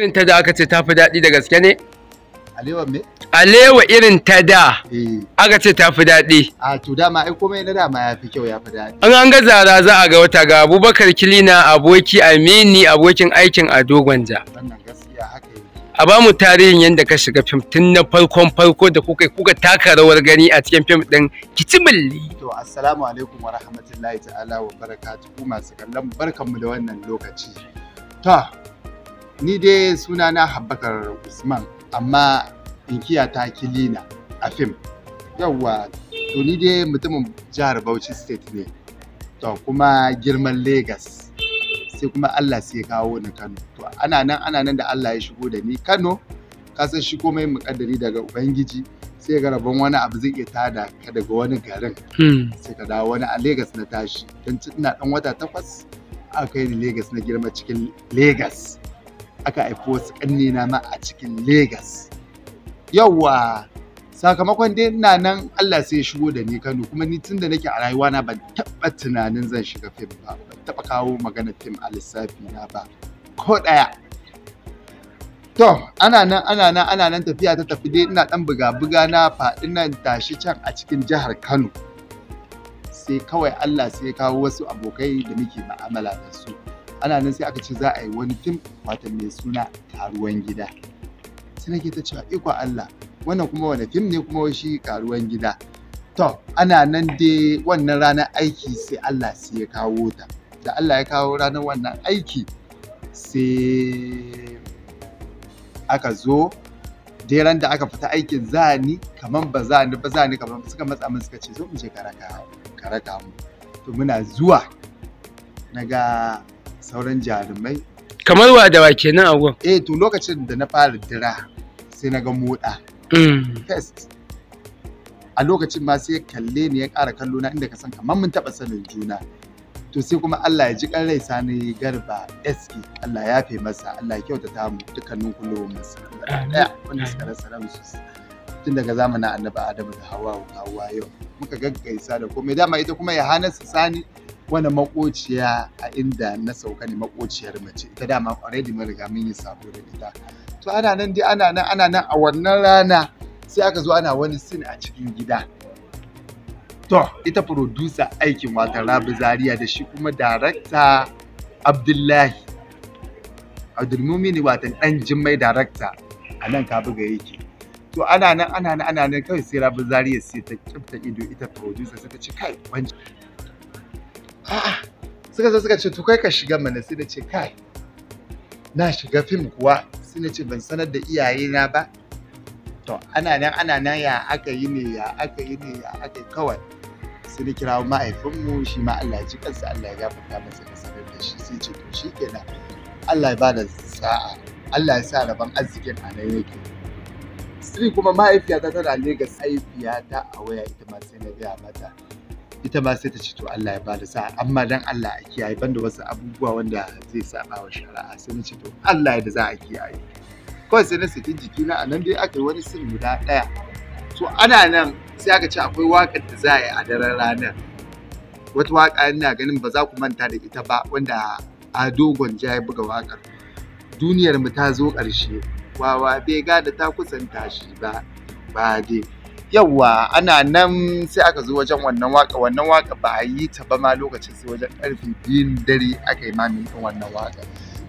irin ta da aka ce tafi daɗi da gaske ne? Alewa me? Alewa irin ta da eh. aka ce tafi daɗi. A to dama ai komai na dama ya fi kyau ya fi daɗi. An an gaza zara za a ga wata ga Abubakar Kilina aboki Amini abokin aikin a Gwanja. Wannan gaskiya haka a ba mu tarihin yadda ka shiga fim tun na farkon farko da kuka kuka taka rawar gani a cikin fim din kicibilli to assalamu alaikum wa rahmatullahi ta'ala wa barakatuhu masu kallon barkanmu da wannan lokaci ta ni dai suna na Habbakar Usman amma inkiya ta kilina a fim yawwa to ni dai mutumin jihar Bauchi state ne to kuma girman Lagos sai kuma Allah sai kawo ni Kano to ana nan ana nan da Allah ya shigo da ni Kano ka shi komai mukaddari daga Ubangiji sai ga rabon wani abu zai iya tada ka daga wani garin hmm. sai ka dawo wani a Lagos na tashi don na dan wata takwas aka kai ni Lagos na girma cikin Lagos aka haifi wasu ƙannena ma a cikin Legas. Yawwa, sakamakon dai ina nan Allah sai ya shigo da ni Kano kuma ni tun da nake a rayuwa na ban taɓa tunanin zan shiga fim ba, ban taɓa kawo maganar fim a lissafi na ba, ko ɗaya. To, ana nan ana nan ana nan tafiya ta tafi dai ina ɗan buga-buga na faɗi nan tashi can a cikin jihar Kano. Sai kawai Allah sai ya kawo wasu abokai da muke ma'amala da su. ana nan sai aka ce za a yi wani fim wata mai suna karuwan gida sai nake ta cewa iko Allah wannan kuma wani fim ne kuma shi karuwan gida to ana nan dai wannan ranar aiki sai Allah sai ya kawo ta da Allah ya kawo ranar wannan aiki sai aka zo ran da aka fita aikin za ni kaman ba za ni ba zani suka matsa min suka ce zo mu je karaka karaka mu to muna zuwa na ga sauran jarumai kamar wa da wa kenan a gun eh to lokacin da na fara dira sai na ga moda mm. first a lokacin ma sai kalle ni ya ƙara kallo na inda ka san kamar mun taɓa sanin juna to sai kuma Allah ya ji kan rai sani garba SK Allah ya fe masa Allah ya ta mu dukkanin kullum musu daya wanda suka rasa ransu tun daga zamanin annabi Adamu da Hawwa Hawwa yau muka gaggaisa da komai dama ita kuma ya sani wani makociya a inda na sauka ne makociyar mace ita dama already mun riga mun yi sabo da ita to ana nan dai ana nan ana nan a wannan rana sai aka zo ana wani sin a cikin gida to ita producer aikin wata rabi zaria da shi kuma darakta abdullahi abdulmumi ne watan dan jimmai darakta a nan ka buga yake to ana nan ana nan ana nan kawai sai rabi zaria sai ta kifta ido ita producer sai ta ce kai wancan a'a suka zo suka ce to kai ka shiga mana sai ce kai na shiga fim kuwa sai na ce ban sanar da iyaye na ba to ana nan ana nan ya aka yi ne ya aka yi ne ya aka yi kawai sai na kirawo ma'aifinmu shi ma Allah ji kansa Allah ya gafarta masa da sanar da shi sai ce to shi Allah ya ba da sa'a Allah ya sa rabon arzikin a nan yake Siri kuma mahaifiyata tana Legas mahaifiyata a waya ita ma sai na gaya mata ita ma sai ta ce to Allah ya bada sa'a amma dan Allah a kiyaye banda wasu abubuwa wanda zai saba wa shari'a sai na ce to Allah ya da za a kiyaye kawai sai na saki jikina a nan dai aka yi wani sin guda ɗaya to ana nan sai aka ce akwai wakar da za a yi a daren ranar wata waka ina ganin ba za ku manta da ita ba wanda a Ado Gwanja ya buga wakar. duniyar mu ta zo ƙarshe wawa bai gada ta kusanta shi ba ba dai yawwa ana nan sai aka zo wajen wannan waka wannan waka ba a yi ta ba ma lokacin sai wajen karfe biyun dare aka yi mamin din wannan waka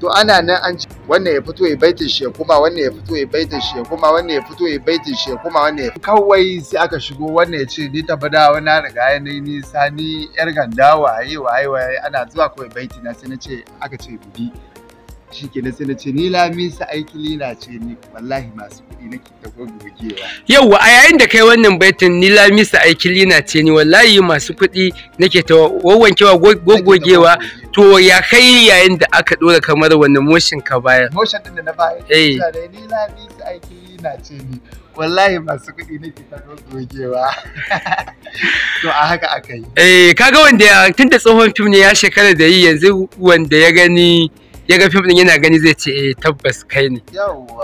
to ana nan an ci wannan ya fito ya baitin shi ya kuma wannan ya fito ya baitin shi ya kuma wannan ya fito ya baitin shi ya kuma wannan ya kawai sai aka shigo wannan ya ce ni tabbada wani riga ya ni nisa ni yar ganda waye waye ana zuwa kawai baiti na sai na ce aka ce bi shi ke sai na ce ni sa aiki na ce ni wallahi masu kuɗi nake ta gogewa. Yawwa a yayin da kai wannan baitin ni sa aiki na ce ni wallahi masu kuɗi nake ta wawwankewa gogogewa to ya kai yayin da aka ɗora kamar wannan motion ka baya? Motion ɗin da na baya Eh. Ni sa aiki na ce ni wallahi masu kuɗi nake ta gogewa. to a haka aka yi. Eh kaga wanda tunda da tsohon fim ne ya shekara da yi yanzu wanda ya gani. ya ga fim din yana gani zai ce eh tabbas kai ne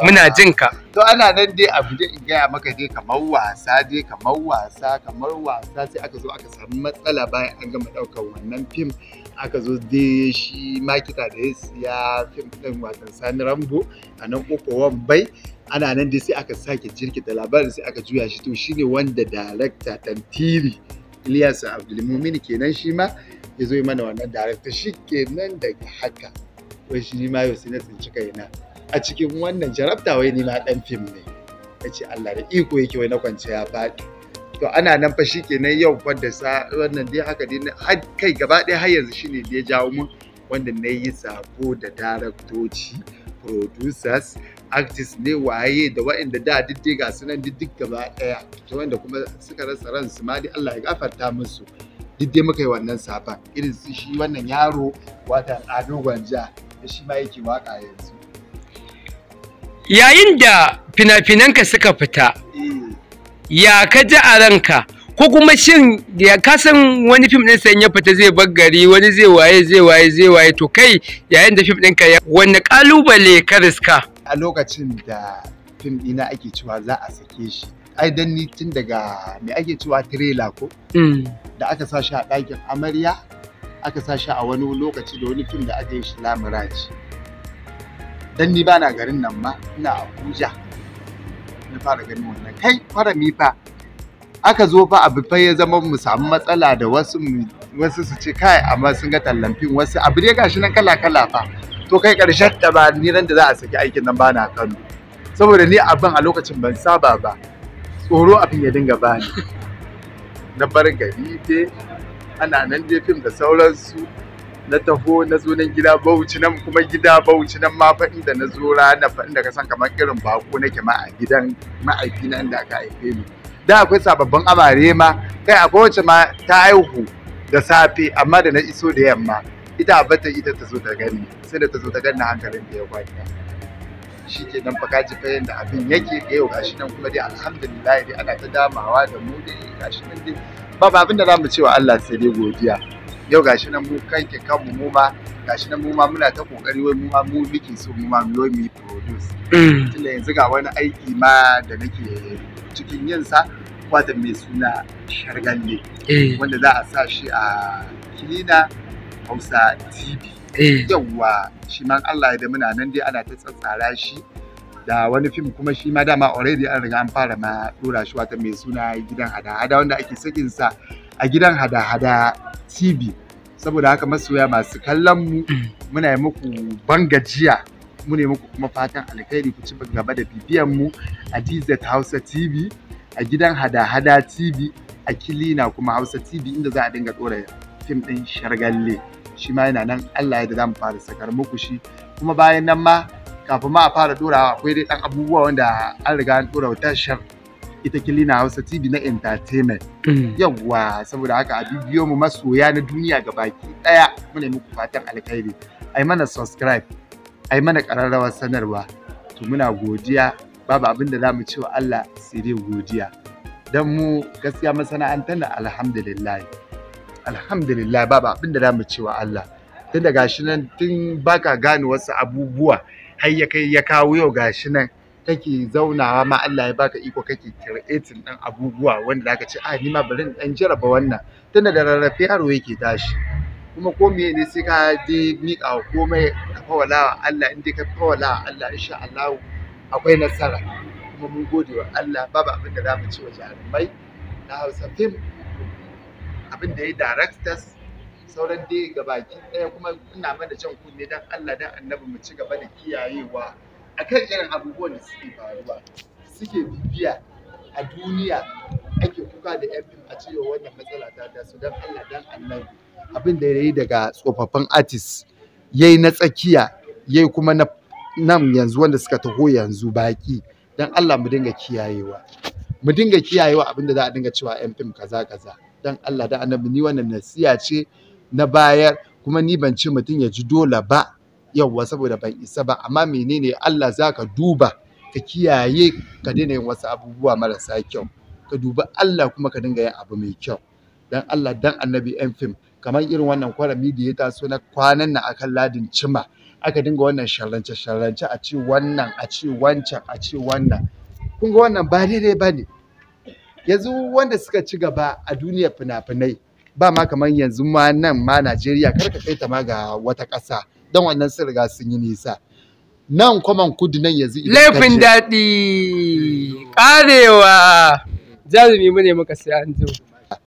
muna jin ka to ana nan dai abu da in gaya maka dai kamar wasa dai kamar wasa kamar wasa sai aka zo aka samu matsala bayan an gama daukar wannan fim aka zo dai shi makita da ya siya fim din wasan sani rambo a nan kofar bai ana nan dai sai aka sake jirkita labarin sai aka juya shi to shine wanda darakta tiri Ilyas Abdulmumin kenan shi ma ya zo mana wannan darakta shi kenan daga haka wai shi ni ma yau sai na tsinci kaina a cikin wannan jarabta wai ni ma dan fim ne ya ce Allah da iko yake wai na kwance ya faɗi to ana nan fa shikenan yau wanda sa wannan dai haka dai har kai gaba ɗaya har yanzu shine da ya jawo mun wanda na yi sabo da daraktoci producers artists ne waye da waɗanda da diddi ga sunan diddi gaba ɗaya to wanda kuma suka rasa ransu ma dai Allah ya gafarta musu diddi muka yi wannan safan irin su shi wannan yaro wata ado gwanja da shi ma yake waka yanzu yayin da fina-finanka suka fita eh. ya ka ji a ranka ko kuma shin ya kasan wani fim ɗin ya fita zai bar gari wani zai waye zai waye zai waye to kai yayin da fim ɗinka ya wani ƙalubale ka riska a lokacin da fim ɗina ake cewa za a sake shi ai dan ni tun daga me ake cewa tirela ko mm. da aka sa shi a ɗakin amarya aka sa shi a wani lokaci da wani fim da aka yi shi lamiraji dan ni ba na garin nan ma ina abuja na fara ganin wannan kai fara mi fa aka zo fa abu fa ya zama mu samu matsala da wasu wasu su ce kai amma sun ga tallafin wasu abu dai gashi nan kala kala fa to kai karshen da ba ni nan da za a saki aikin nan ba na kano saboda ni abin a lokacin ban saba ba tsoro abin ya dinga bani na bar gari dai ana nan dai fim da sauransu na taho na zo nan gida bauchi nan kuma gida bauchi nan ma fa inda na zo rana fa inda ka san kamar irin bako nake ma a gidan nan da aka haife ni da akwai sababbin amare ma kai akwai wacce ma ta haihu da safe amma da na iso da yamma ita bata ita ta zo ta gani sai da ta zo ta gani hankalin da ya kwanta shi ke nan faka ji fayin da abin yake da eh, yau gashi nan kuma dai alhamdulillah dai ana ta damawa da mu dai gashi nan dai babu abin da zamu cewa Allah sai dai godiya yau gashi nan mu kanke kanmu mu ma gashi nan mu ma muna ta kokari wai mu ma mu muke so mu ma mu yi produce mm. tunda yanzu ga wani aiki ma da nake cikin yin sa wata mai suna shargalle eh. wanda za a sa shi a kilina hausa tv Eh. yawwa shi ma Allah ya da muna nan dai ana ta tsatsara shi da wani fim kuma shi ma dama already an riga an fara ma dora shi wata mai suna gidan hada-hada wanda ake sakin sa a gidan hada-hada TV saboda haka masoya masu kallon mu hmm. muna yi muku bangajiya mu ne muku kuma fatan alkhairi ku ci gaba da bibiyan mu a DZ Hausa TV a gidan hada-hada TV a Kilina kuma Hausa TV inda za a dinga dora fim din Shargalle. shi ma yana nan Allah ya da mu fara sakar muku shi kuma bayan nan ma kafin ma a fara dorawa akwai dai dan abubuwa wanda an riga an dora tashar ita kilina hausa tv na entertainment mm. yawwa saboda haka a bibiyo mu masoya na duniya ga baki daya muna muku fatan alkhairi ai mana subscribe ai mana ƙararrawar sanarwa to muna godiya babu abin da zamu ce wa Allah sai dai godiya dan mu gaskiya masana'antar alhamdulillah alhamdulillah babu abin da zamu cewa Allah tun da gashi nan tun baka gane wasu abubuwa har ya kai ya kawo yau gashi nan kake zaunawa ma Allah ya baka iko kake creating ɗin abubuwa wanda zaka ce ah ni ma bari dan jaraba wannan tunda da rarrafe yaro yake tashi kuma ko me ne sai ka je miƙa komai ka fawala Allah in dai ka fawala Allah insha Allah akwai nasara kuma mun gode wa Allah babu abin da zamu ci wa jarumai na Hausa film abin da ya directors sauran dai gabaki ɗaya kuma ina mana jan kunne dan Allah dan annabi mu ci gaba da kiyayewa akan irin abubuwan da suke faruwa suke bibiya a duniya ake kuka da yan a cewa wannan matsala ta taso dan Allah dan annabi abin da yayi daga tsofaffin artist yayi na tsakiya yayi kuma na nan yanzu wanda suka taho yanzu baki dan Allah mu dinga kiyayewa mu dinga kiyayewa abin da za a dinga cewa yan kaza kaza dan Allah da annabi ni wannan nasiya ce na bayar kuma ni ban ce mutum ya ji dole ba yawwa saboda ban isa ba amma menene Allah zaka duba ka kiyaye ka daina yin wasu abubuwa marasa kyau ka dubi Allah kuma ka dinga yin abu mai kyau dan Allah dan annabi yan fim kamar irin wannan kwarami da ya taso na kwanan nan akan ladin cima aka dinga wannan sharrance sharrance a ce wannan a ce wancan a ce wannan kun ga wannan ba daidai ba ne yanzu wanda suka ci gaba a duniya fina-finai ba ma kamar yanzu ma nan ma Najeriya kar ka kai ta ma ga wata ƙasa don wannan sun riga sun yi nisa nan kwaman kudu nan yanzu idan laifin daɗi ƙarewa jarumi mune muka sai an zo